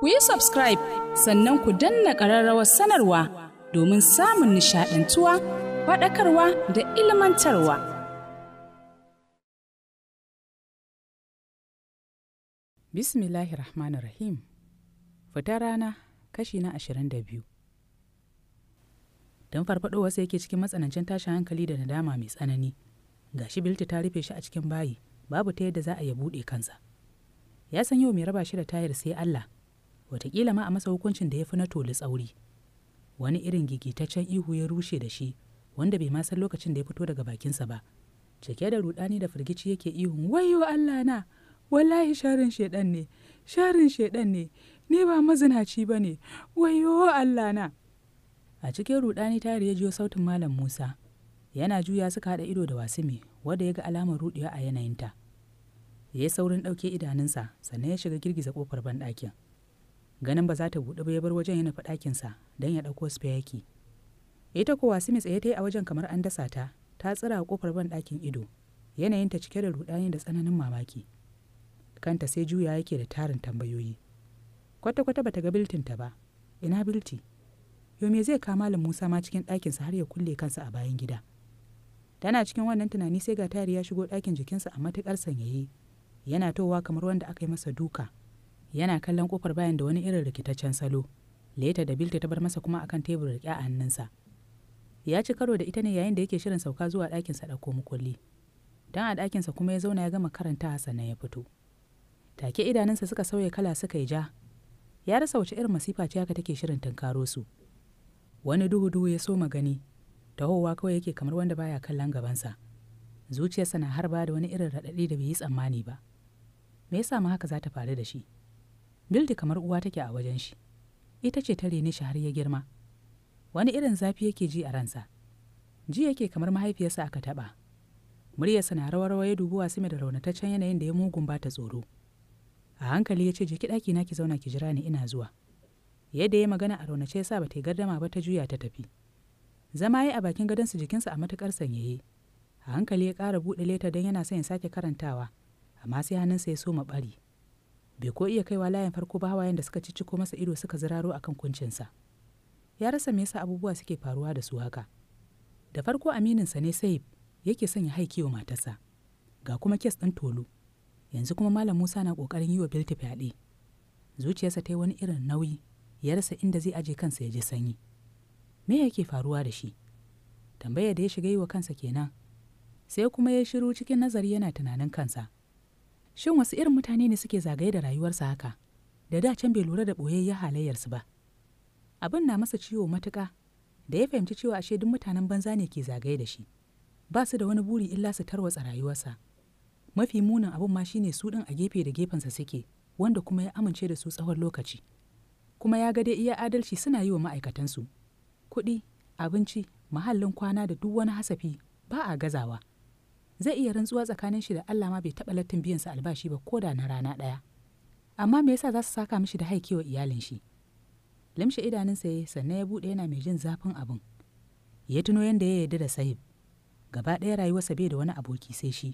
ku yi subscribe sannan ku danna ƙararrawar sanarwa domin samun nishaɗantuwa faɗakarwa da ilmantarwa. Bismillahir Rahmanir Rahim Fita rana kashi na ashirin da biyu. Don farfaɗo wasu yake cikin matsanancin tashin hankali da nadama mai tsanani, gashi Bilti ta rufe shi a cikin bayi, babu ta yadda za a ya buɗe kansa. Ya san yau mai raba shi da tayar sai Allah, watakila ma a masa hukuncin da ya fi na toli tsauri wani irin gigitaccen ihu ya rushe da shi wanda bai ma san lokacin da ya fito daga bakinsa ba cike da rudani da firgici yake ihu wayo allah na wallahi sharin shaidan ne sharin shaidan ne ni ba mazinaci ba ne wayo allah na a cikin rudani tare ya jiyo sautin malam musa yana juya suka haɗa ido da wasumi, wanda ya ga alamar ruɗewa a yanayinta ya yi saurin ɗauke idanunsa sannan ya shiga girgiza ƙofar banɗakin. ganin ba za ta buɗe ba ya bar wajen ya nufi ɗakinsa don ya ɗauko fayaki. ita kuwa wasimi tsaye ta yi a wajen kamar an dasa ta ta tsira a kofar ban ɗakin ido yanayinta cike da ruɗani da tsananin mamaki kanta sai juya yake da tarin tambayoyi kwata-kwata bata ga biltinta ba ina bilti yo me zai kama malam musa ma cikin ɗakinsa har ya kulle kansa a bayan gida tana cikin wannan tunani sai ga tayar ya shigo ɗakin jikinsa a matuƙar sanyaye yana towa kamar wanda aka yi masa duka yana kallon kofar bayan da wani irin rikitaccen salo leta da bilta ta bar masa kuma akan tebur riƙe a hannunsa ya ci karo da ita ne yayin da yake shirin sauka zuwa ɗakinsa ɗauko mukulli dan a sa kuma ya zauna ya gama karanta sannan ya fito take idanunsa suka sauya kala suka yi ja ya rasa wace irin masifa ce haka take shirin tunkaro su wani duhu duhu ya soma gani tahowa kawai yake kamar wanda baya kallon gabansa zuciyarsa na harba da wani irin raɗaɗi da bai yi tsammani ba me yasa ma haka za ta faru da shi bildi kamar uwa take a wajen shi ita ce ta rene shi har ya girma wani irin zafi yake ji a ransa ji yake kamar mahaifiyarsa aka taɓa muryarsa na rawa rawa ya dubi wasu da raunataccen yanayin da ya mugun ba ta tsoro a hankali ya ce je ki ɗaki na ki zauna ki jira ni ina zuwa yadda ya magana a raunace ya sa ba ta yi gardama ba ta juya ta tafi zama ya a bakin gadonsa jikinsa a matukar sanyaye a hankali ya kara buɗe leta don yana son ya sake karantawa amma sai hannunsa ya soma ɓari bai ko iya kaiwa layin farko ba hawayen da suka cicciko masa ido suka ziraro akan kuncinsa ya rasa me yasa abubuwa suke faruwa da su haka da farko amininsa ne sayib yake sanya haiki wa matarsa ga kuma kes ɗin tolu yanzu kuma malam musa na ƙoƙarin yi wa bilti fyaɗe zuciyarsa ta yi wani irin nauyi ya rasa inda zai aje kansa ya ji sanyi me yake faruwa da shi Tambayar da ya shiga yi wa kansa kenan sai kuma ya shiru cikin nazari yana tunanin kansa shin wasu irin mutane ne suke zagaye da rayuwarsa haka da da can bai lura da ɓoyayyen halayyarsu ba abin na masa ciwo matuka, da ya fahimci cewa ashe duk mutanen banza ne ke zagaye da shi ba su da wani buri illa su tarwatsa rayuwarsa mafi munin abin ma shine su ɗin a gefe da gefensa suke wanda kuma ya amince da su tsawon lokaci kuma ya ga dai iya adalci suna yi wa ma'aikatansu kuɗi abinci mahallin kwana da duk wani hasafi ba a gazawa zai iya rantsuwa tsakanin shi da Allah ma bai taɓa lattin biyansa albashi ba ko da na rana ɗaya. Amma me yasa za su saka mishi da haike wa iyalin shi? Limshe idanunsa ya sannan ya buɗe yana mai jin zafin abin. Ya tuno yadda ya yarda da sahib. Gaba ɗaya rayuwarsa bai da wani aboki sai shi.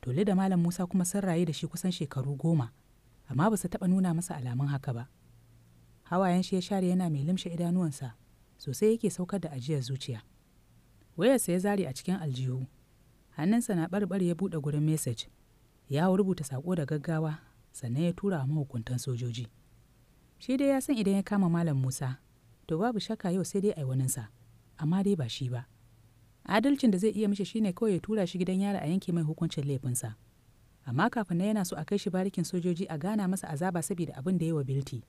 Tole da Malam Musa kuma sun rayu da shi kusan shekaru goma, amma ba su taɓa nuna masa alamun haka ba. Hawayen shi ya share yana mai limshe idanuwansa sosai yake saukar da ajiyar zuciya. Wayarsa ya zare a cikin aljihu hannunsa na barbar ya buɗe gurin message ya rubuta sako da gaggawa sannan ya tura wa mahukuntan sojoji shi dai ya san idan ya kama malam musa to babu shakka yau sai dai sa amma dai ba shi ba adalcin da zai iya mishi shine kawai ya tura shi gidan yara a yanke mai hukuncin laifinsa amma kafin na yana so a kai shi barikin sojoji a gana masa azaba saboda abin da ya wa bilti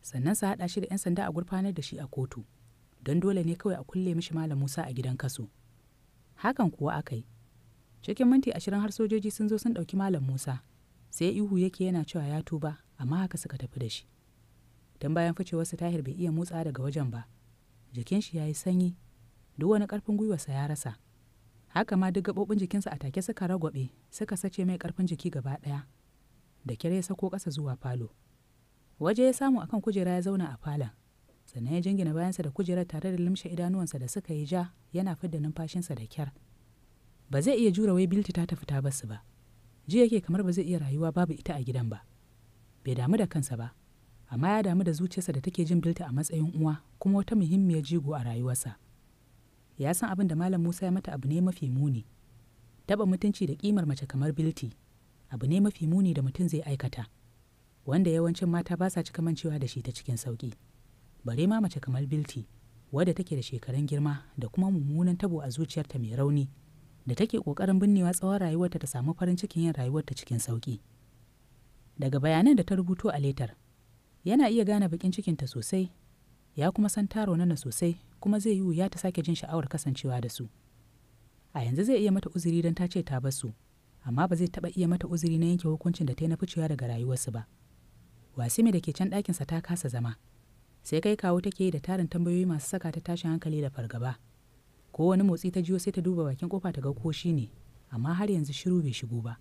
sannan sa haɗa shi da 'yan sanda a gurfanar da shi a kotu don dole ne kawai a kulle mishi malam musa a gidan kaso hakan kuwa aka yi cikin minti ashirin har sojoji sun zo sun ɗauki malam musa sai ihu yake yana cewa ya tuba amma haka suka tafi da shi don bayan ficewarsa tahir bai iya motsa daga wajen ba jikin shi ya yi sanyi duk wani karfin gwiwarsa ya rasa haka ma duk gaɓoɓin jikinsa a take suka ragwaɓe suka sace mai ƙarfin jiki gaba ɗaya da kyar ya sako ƙasa zuwa falo waje ya samu akan kujera ya zauna a falon sannan ya jingina bayansa da kujerar tare da limshe idanuwansa da suka yi ja yana fidda numfashinsa da kyar ba zai iya jura wai bilti ta tafi ta basu ba ji yake kamar ba zai iya rayuwa babu ita a gidan ba bai damu da kansa ba amma ya damu da zuciyarsa da take jin bilta a matsayin uwa kuma wata muhimmiyar jigo a rayuwarsa ya san abin da malam musa ya mata abu ne mafi muni taba mutunci da kimar mace kamar bilti abu ne mafi muni da mutum zai aikata wanda yawancin mata ba sa cika mancewa da shi ta cikin sauki bare ma mace kamar bilti wadda take da shekarun girma da kuma mummunan tabo a zuciyarta mai rauni da take ƙoƙarin binnewa tsawon rayuwarta ta samu farin cikin yin rayuwarta cikin sauƙi. Daga bayanan da ta rubuto a letar, yana iya gane baƙin cikinta sosai, ya kuma san taro nana sosai kuma zai yi wuya ta sake jin sha'awar kasancewa da su. A yanzu zai iya mata uzuri don ta ce ta bar su, amma ba zai taɓa iya mata uzuri na yanke hukuncin da ta yi na ficewa daga rayuwarsu ba. Wasimi da ke can ɗakinsa ta kasa zama, sai kai kawo take yi da tarin tambayoyi masu saka ta tashin hankali da fargaba. ko wani motsi ta jiyo sai ta duba bakin kofa ta ga ko shi ne amma har yanzu shiru bai shigo ba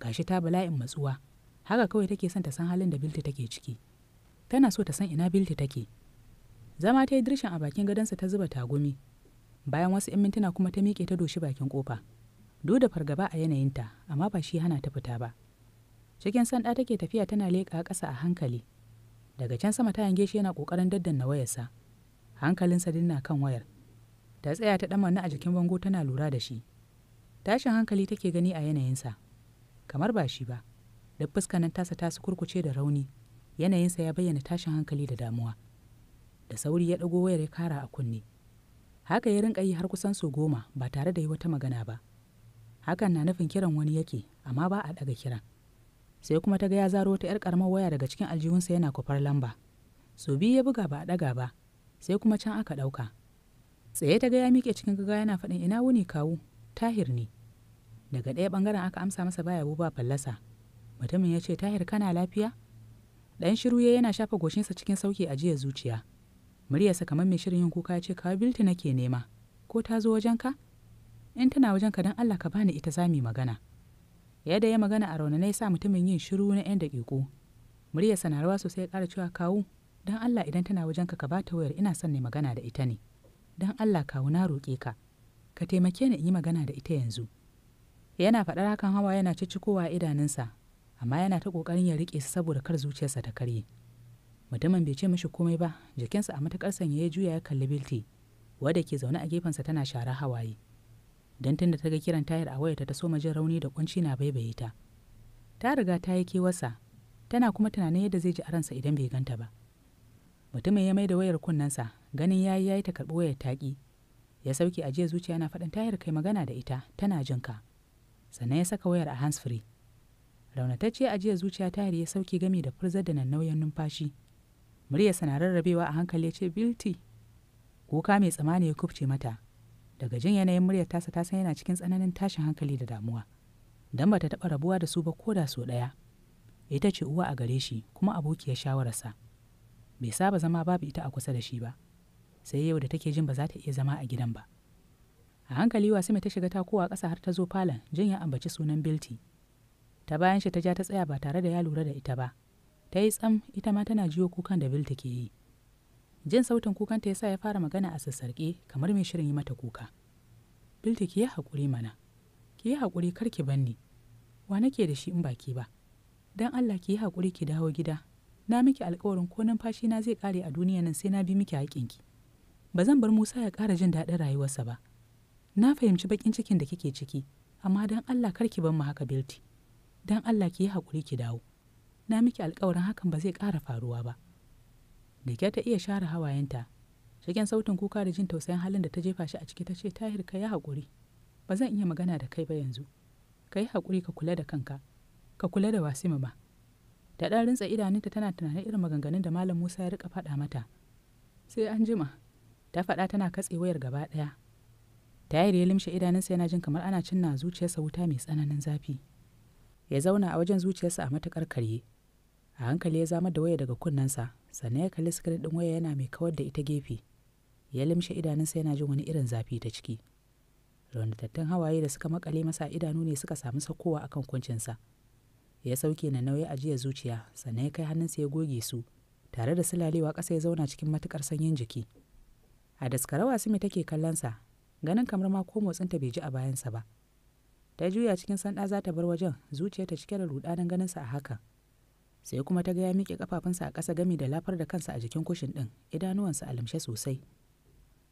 gashi ta bala'in matsuwa haka kawai take son ta san halin da bilti take ciki tana so ta san ina bilti take zama ta yi dirshin a bakin gadonsa ta zuba tagumi bayan wasu 'yan mintuna kuma ta miƙe ta doshi bakin kofa duk da fargaba a yanayinta amma ba shi hana ta fita ba cikin sanda take tafiya tana leƙa ƙasa a hankali daga can sama ta yange shi yana ƙoƙarin daddanna wayarsa hankalinsa dinna kan wayar ta tsaya ta ɗan ɗamanna a jikin bango tana lura da shi tashin hankali take gani a yanayinsa kamar ba shi ba da fuskanin tasa ta su kurkuce da rauni yanayinsa ya bayyana tashin hankali da damuwa da sauri ya ɗago wayar ya kara a kunne haka ya rinka yi har kusan so goma ba tare da yi wata magana ba hakan na nufin kiran wani yake amma ba a ɗaga kiran sai kuma ta ga ya zaro ta 'yar karamar waya daga cikin aljihunsa yana kwafar lamba so biyu ya buga ba a ɗaga ba sai kuma can aka ɗauka tsaye ta ga ya miƙe cikin gaga yana faɗin ina wuni kawu tahir ne daga ɗaya ɓangaren aka amsa masa baya buba fallasa mutumin ya ce tahir kana lafiya ɗan shiru ya yana shafa goshinsa cikin sauki a jiya zuciya muryarsa kamar mai shirin yin kuka ya ce kawai bilti nake nema ko ta zo ka in tana wajen ka don allah ka bani ita za mu magana yadda ya magana a raunana ya sa mutumin yin shiru na 'yan daƙiƙo muryarsa na rawa sosai ya ƙara cewa kawu don allah idan tana wajen ka ba ta wayar ina son ne magana da ita ne don Allah kawo na roƙe ka ka taimake ni in yi magana da ita yanzu yana faɗar hakan hawa yana ciccikowa idanunsa amma yana ta ƙoƙarin ya riƙe su saboda kar zuciyarsa ta karye mutumin bai ce mishi komai ba jikinsa a matuƙar sanya ya juya ya kalli bilti wadda ke zaune a gefensa tana shara hawaye don da ta ga kiran tayar a wayarta ta soma jin rauni da kunci na baibaye ta ta riga ta yi kewarsa tana kuma tunanin yadda zai ji a ransa idan bai ganta ba mutumin ya mai da wayar kunnensa ganin yayi yayi ta karɓi wayar taki ya sauke ajiya zuciya na faɗin tayar kai magana da ita tana jin ka sannan ya saka wayar a hands free raunatacce ajiya zuciya tayar ya sauke gami da furzar da nauyin numfashi murya sana rarrabewa a hankali ya ce bilti kuka mai tsamani ya kubce mata daga jin yanayin muryar tasa ta san yana cikin tsananin tashin hankali da damuwa dan bata taɓa rabuwa da su ba ko da so ɗaya ita ce uwa a gare shi kuma ya shawararsa bai saba zama babu ita a kusa da shi ba sai yau da take jin ba za ta iya zama a gidan ba a hankali wasu ta shiga kowa ƙasa har ta zo falon jin ya ambaci sunan bilti ta bayan shi ta ja ta tsaya ba tare da ya lura da ita ba ta yi tsam ita ma tana jiyo kukan da bilti ke yi jin sautin kukanta ya sa ya fara magana a sassarƙe kamar mai shirin yi mata kuka bilti ki yi haƙuri mana ki yi haƙuri kar ki ban ni wa nake da shi in ba ki ba dan Allah ki yi haƙuri ki dawo gida na miki alƙawarin ko numfashi na zai ƙare a duniya nan sai na bi miki ki ba zan bar Musa ya ƙara jin daɗin rayuwarsa ba. Na fahimci baƙin cikin da kike ciki, amma don Allah kar ki bar mu haka Bilti. Don Allah ki yi haƙuri ki dawo. Na miki alƙawarin hakan ba zai ƙara faruwa ba. Da ta iya share hawayenta, cikin sautin kuka da jin tausayin halin da ta jefa shi a ciki ta ce tahir ka yi haƙuri. Ba zan iya magana da kai ba yanzu. Ka yi haƙuri ka kula da kanka. Ka kula da Wasimu ba. Da ɗan rintsa idanunta tana tunanin irin maganganun da Malam Musa ya riƙa faɗa mata. Sai an jima, ta faɗa tana katse wayar gaba ɗaya tayar ya limshe idanunsa yana jin kamar ana cinna zuciyarsa wuta mai tsananin zafi ya zauna a wajen zuciyarsa a matuƙar karye a hankali ya zama da waya daga kunnensa sannan ya kalli sikirin ɗin waya yana mai kawar da ita gefe ya limshe idanunsa yana jin wani irin zafi ta ciki rundattun hawaye da suka makale masa idanu ne suka samu sakowa akan kuncinsa ya sauke na nauyi a jiya zuciya sannan ya kai hannunsa ya goge su tare da sulalewa ƙasa ya zauna cikin matukar sanyin jiki a daskarawa mai take kallonsa ganin kamar ma ko motsinta bai ji a bayansa ba ta juya cikin sanda za ta bar wajen ta cike da rudanin ganinsa a hakan sai kuma ta ga ya miƙe kafafunsa a ƙasa gami da lafar da kansa a jikin kushin ɗin idanuwansa a lamshe sosai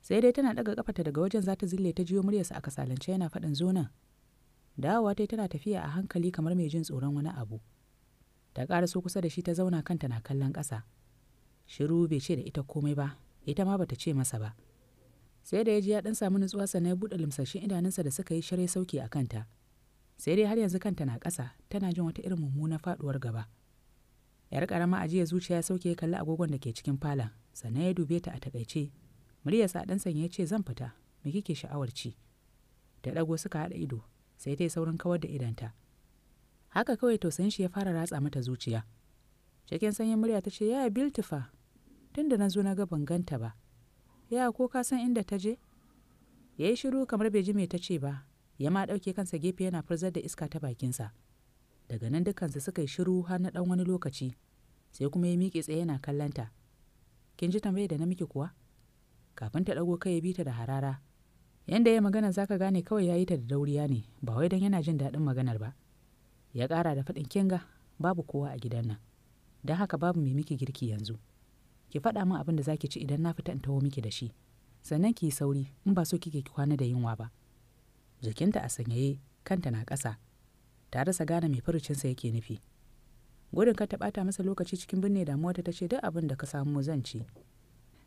sai dai tana ɗaga ƙafarta daga wajen za ta zille ta jiyo muryarsa a kasalance yana faɗin zonan dawowa ta tana tafiya a hankali kamar mai jin tsoron wani abu ta ƙara so kusa da shi ta zauna kanta na kallon ƙasa shiru bai ce da ita komai ba ita ma bata ce masa ba sai da ya ji ya ɗan samu nutsuwa sannan ya buɗe limsashin idanunsa da suka yi shirya sauki a kanta sai dai har yanzu kanta na ƙasa tana jin wata irin mummuna faɗuwar gaba yar ƙarama jiya zuciya ya sauke ya kalli agogon da ke cikin falon sannan ya dube ta a takaice muryarsa a ɗan sanya ya ce zan fita me kike sha'awar ci da ɗago suka haɗa ido sai ta yi saurin kawar da idanta haka kawai tausayin shi ya fara ratsa mata zuciya cikin sanyin murya ta ce yaya biltifa Tunda da na zo na ga ban ganta ba ya ko ka san inda ta je ya yi shiru kamar bai ji mai ta ce ba ya ma ɗauke kansa gefe yana furzar da iska ta bakinsa daga nan dukansu suka yi shiru har na ɗan wani lokaci sai kuma ya miƙe tsaye yana kallanta kin ji tambayar da na miki kuwa kafin ta ɗago kai ya bi ta da harara yanda ya magana zaka gane kawai ya yi ta da dauriya ne ba wai don yana jin daɗin maganar ba ya ƙara da faɗin kinga babu kowa a gidan nan don haka babu mai miki girki yanzu ki faɗa min abin da za ki ci idan na fita in taho miki da shi sannan ki yi sauri in ba so kike ki kwana da yunwa ba jikinta a sanyaye kanta na ƙasa ta rasa gane mai furucinsa yake nufi gudun ka ta ɓata masa lokaci cikin binne damuwa ta ce duk abin da ka samu zan ci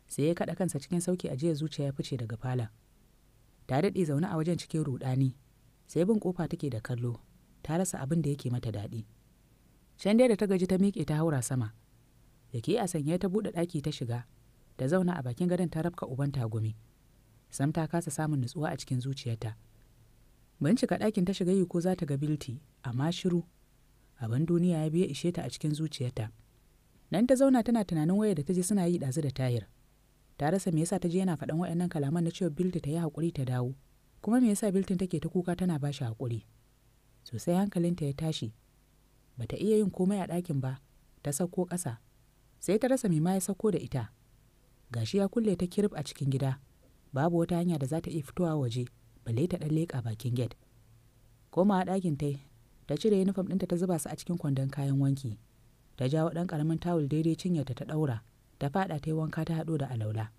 sai ya kaɗa kansa cikin sauki a jiya zuciya ya fice daga fala ta daɗe zaune a wajen cikin ruɗani sai bin ƙofa take da kallo ta rasa abin da yake mata daɗi can dai da ta gaji ta miƙe ta haura sama ke a sanye ta buɗe ɗaki ta shiga, da zauna a bakin gadon ta rabka uban tagumi. Sam ta kasa samun nutsuwa a cikin zuciyarta. Bincika ɗakin ta shiga yi ko za ta ga bilti, amma shiru. Abin duniya ya biya ishe ta a cikin zuciyarta. Nan ta zauna tana tunanin wayar da ta ji suna yi ɗazu da tayar. Ta rasa me yasa ta je yana faɗan waɗannan kalaman na cewa bilti ta yi haƙuri ta dawo. Kuma me yasa biltin take ta kuka tana ba shi haƙuri. Sosai hankalinta ya tashi. Bata iya yin komai a ɗakin ba, ta sauko ƙasa sai ta rasa mima ya sauko da ita gashi ya kulle ta kirib a cikin gida babu wata hanya da za ta iya fitowa waje balle ta dan leƙa bakin gate koma ɗakin tai ta cire yunifom ɗinta ta zuba su a cikin kwandon kayan wanki ta jawo ɗan ƙaramin tawul daidai cinye ta ta ɗaura ta faɗa ta yi wanka ta hado da alaula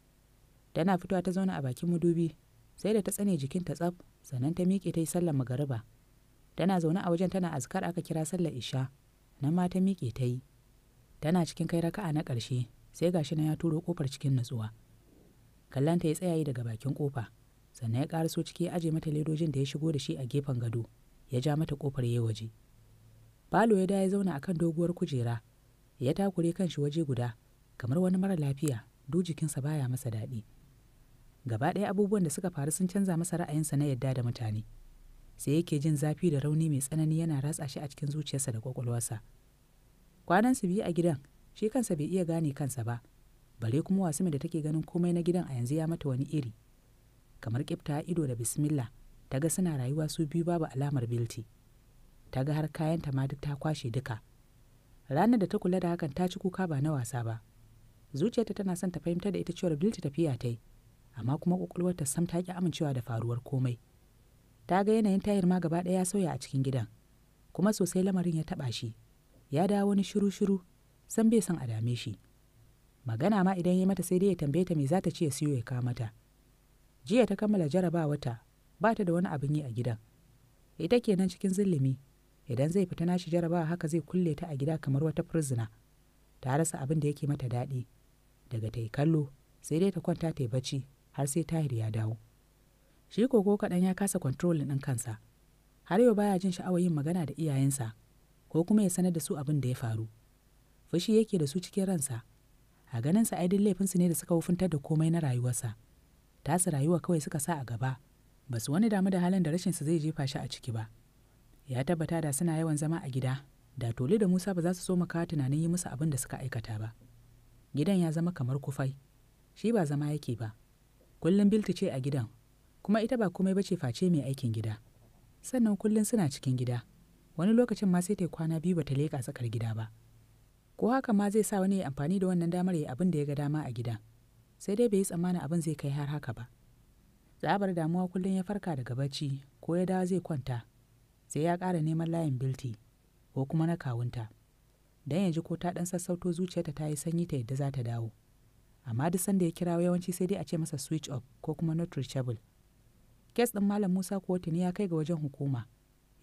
tana fitowa ta zauna a bakin madubi sai da ta tsane jikin ta tsaf sannan ta miƙe ta yi sallar magariba tana zaune a wajen tana azkar aka kira sallar isha nan ma ta miƙe ta yi tana cikin kai raka'a na ƙarshe sai gashi na ya turo kofar cikin nutsuwa kallanta ya tsayayi daga bakin ƙofa sannan ya ƙaraso ciki ya aje mata ledojin da ya shigo da shi a gefen gado ya ja mata kofar ya waje falo ya da ya zauna akan doguwar kujera ya takure kanshi waje guda kamar wani mara lafiya duk jikinsa baya masa daɗi gaba ɗaya abubuwan da suka faru sun canza masa ra'ayinsa na yadda da mutane sai yake jin zafi da rauni mai tsanani yana ratsa shi a cikin zuciyarsa da kwakwalwarsa. kwanan su biyu a gidan shi kansa bai iya gane kansa ba bare kuma wasu da take ganin komai na gidan a yanzu ya mata wani iri kamar kifta ido da bismillah ta ga suna rayuwa su biyu babu alamar bilti ta ga har kayanta ma duk ta kwashe duka ranar da ta kula da hakan ta ci kuka ba na wasa ba zuciyarta tana son ta fahimta da ita cewar bilti tafiya ta yi amma kuma kwakwalwarta sam ta ki amincewa da faruwar komai ta ga yanayin tayar ma gaba ɗaya ya sauya a cikin gidan kuma sosai lamarin ya taɓa shi ya dawo wani shiru-shiru san bai san a dame shi magana ma idan ya mata sai dai ya tambaye ta me za ta ce siyo ya kawo mata jiya ta kammala jarabawata ba ta da wani abin yi a gidan ita kenan cikin zillimi idan zai fita nashi jarabawa haka zai kulle ta a gida kamar wata firzina ta rasa abin da yake mata daɗi daga ta yi kallo sai dai ta kwanta ta yi bacci har sai tahir ya dawo shi koko kaɗan ya kasa kwantrolin ɗin kansa har yau baya jin sha'awar yin magana da iyayensa ko kuma ya sanar da su abin da ya faru fushi yake da su cikin ransa a ganinsa aidin laifinsu ne da suka wufuntar da komai na rayuwarsa tasu rayuwa kawai suka sa a gaba ba su wani damu da halin da su zai jefa shi a ciki ba ya tabbata da suna yawan zama a gida da tole da musa ba za su so makawa tunanin yi musu abin da suka aikata ba gidan ya zama kamar kufai shi ba zama yake ba kullum bilti ce a gidan kuma ita ba komai ba ce face mai aikin gida sannan kullum suna cikin gida wani lokacin ma sai ta kwana biyu bata leƙa tsakar gida ba ko haka ma zai sa wani ya amfani da wannan damar ya abin da ya ga dama a gida sai dai bai yi tsammanin abin zai kai har haka ba tsabar damuwa kullum ya farka daga bacci ko ya dawo zai kwanta sai ya ƙara neman layin bilti ko kuma na kawunta don ya ji ko ta ɗan sassauto zuciyarta ta yi sanyi ta yadda za ta dawo amma duk sanda ya kirawo yawanci sai dai a ce masa switch off ko kuma not reachable kes ɗin malam musa kuwa tuni ya kai ga wajen hukuma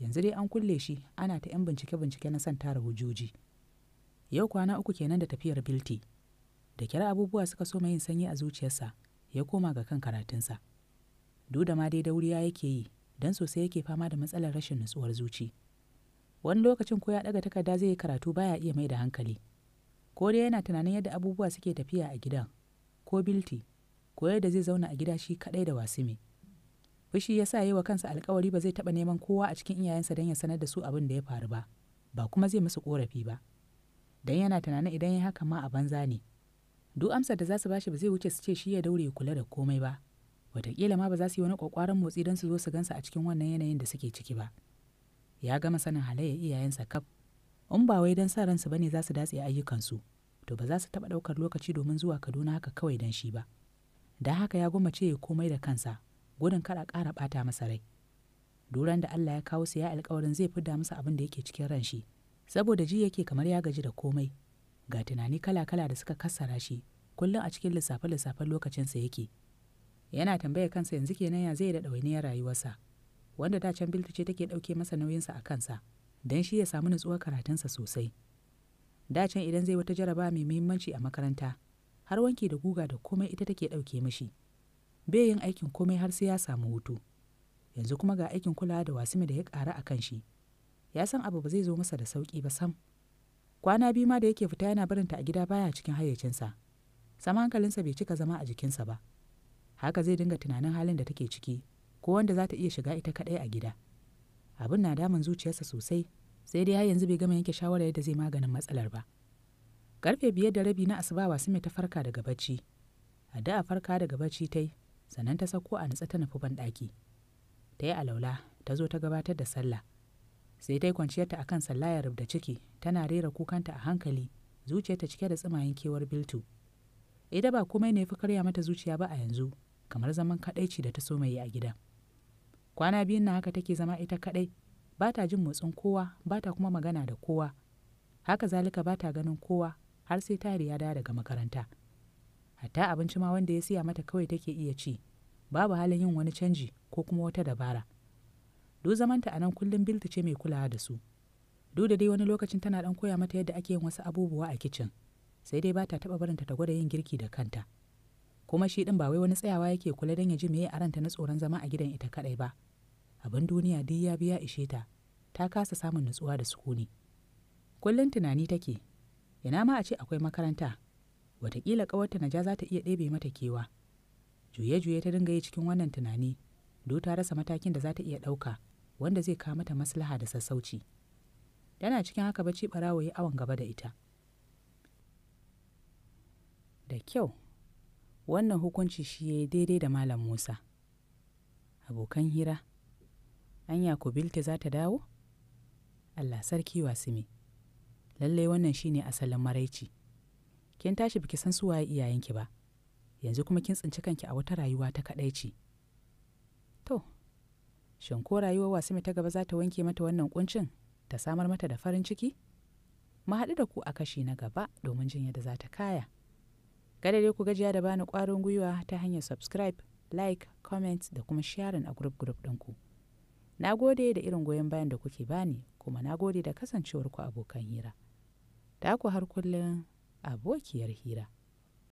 yanzu dai an kulle shi ana ta 'yan bincike-bincike na son tara hujjoji yau kwana uku kenan da tafiyar bilti da kira abubuwa suka so yin sanyi a zuciyarsa ya koma ga kan karatunsa duk da ma dai dauriya yake yi don sosai yake fama da matsalar rashin nutsuwar zuci wani lokacin ko ya ɗaga takarda zai yi karatu baya iya mai da hankali ko dai yana tunanin yadda abubuwa suke tafiya a gidan ko bilti ko yadda zai zauna a gida shi kaɗai da wasimi fushi ya sa yi wa kansa alkawari ba zai taɓa neman kowa a cikin iyayensa don ya sanar da su abin da ya faru ba ba kuma zai musu korafi ba don yana tunanin idan ya haka ma a banza ne duk amsar da za su bashi ba zai wuce su ce shi ya daure ya kula da komai ba wataƙila ma ba za su yi wani ƙwaƙwaran motsi don su zo su gansa a cikin wannan yanayin da suke ciki ba ya gama sanin halayyar iyayensa kaf in ba wai don sa ransu ne za su datse ayyukansu to ba za su taɓa ɗaukar lokaci domin zuwa kaduna haka kawai don shi ba da haka ya gwamace ya komai da kansa gudun kar a ƙara ɓata masa rai duran da Allah ya kawo su ya alƙawarin zai fidda masa abin da yake cikin ran shi saboda ji yake kamar ya gaji da komai ga tunani kala-kala da suka kassara shi kullum a cikin lissafe-lissafen lokacinsa yake yana tambaya kansa yanzu kenan ya zai da ɗawainiyar rayuwarsa wanda da can bilta ce take ɗauke masa nauyinsa a kansa don shi ya samu nutsuwar karatunsa sosai da can idan zai wata jaraba mai muhimmanci a makaranta har wanki da guga da komai ita take ɗauke mishi bai yin aikin komai har sai ya samu hutu yanzu kuma ga aikin kulawa da wasimi da ya ƙara a kan shi ya san abu ba zai zo masa da sauƙi ba sam kwana biyu ma da yake fita yana barinta a gida baya cikin hayyacinsa sama hankalinsa bai cika zama a jikinsa ba haka zai dinga tunanin halin da take ciki ko wanda za ta iya shiga ita kaɗai a gida abin na damun zuciyarsa sosai sai dai har yanzu bai gama yanke shawarar yadda zai maganin matsalar ba karfe biyar da rabi na asuba wasu ta farka daga bacci a da farka daga bacci yi. sannan ta sauko a nutsa ta nufi banɗaki ta yi alaula ta zo ta gabatar da sallah sai ta yi kwanciyarta a kan sallayar rubda ciki tana rera kukanta a hankali zuciyarta cike da tsimayen kewar biltu ita ba komai ne fi karya mata zuciya ba a yanzu kamar zaman kaɗaici da ta so mai a gida kwana biyun na haka take zama ita kaɗai ba ta jin motsin kowa ba ta kuma magana da kowa haka zalika ba ta ganin kowa har sai ta riya daga makaranta hatta abinci ma wanda ya siya mata kawai take iya ci babu halin yin wani canji ko kuma wata dabara duk zamanta a nan kullum bilta ce mai kulawa da su duk da dai wani lokacin tana dan koya mata yadda ake yin wasu abubuwa a kicin sai dai ba ta taɓa barinta ta gwada yin girki da kanta kuma shi din ba wai wani tsayawa yake kula dan ya ji meye aranta na tsoron zama a gidan ita kadai ba abin duniya duk ya biya ishe ta ta kasa samun nutsuwa da sukuni kullum tunani take ina ma a ce akwai makaranta wataƙila ƙawarta naja za ta iya ɗebe mata kewa juye-juye ta dinga yi cikin wannan tunani do ta rasa matakin da za ta iya ɗauka wanda zai kawo mata maslaha da sassauci tana cikin haka bacci barawo ya awon gaba da ita da kyau wannan hukunci shi ya yi daidai da malam musa abokan hira anya kubilte za ta dawo allah sarki wasimi lallai wannan shine asalin maraici kin tashi biki san su waye iyayenki ba yanzu kuma kin tsinci kanki a wata rayuwa ta ce. to shin ko rayuwar wasu ta gaba za ta wanke mata wannan kuncin ta samar mata da farin ciki mu haɗu da ku a kashi na gaba domin jin yadda za ta kaya kada dai ku gajiya da bani ƙwarin gwiwa ta hanyar subscribe like comment da kuma sharing a group group ɗinku na gode da irin goyon bayan da kuke bani kuma na gode da kasancewarku abokan hira ta ku har kullum abokiyar hira.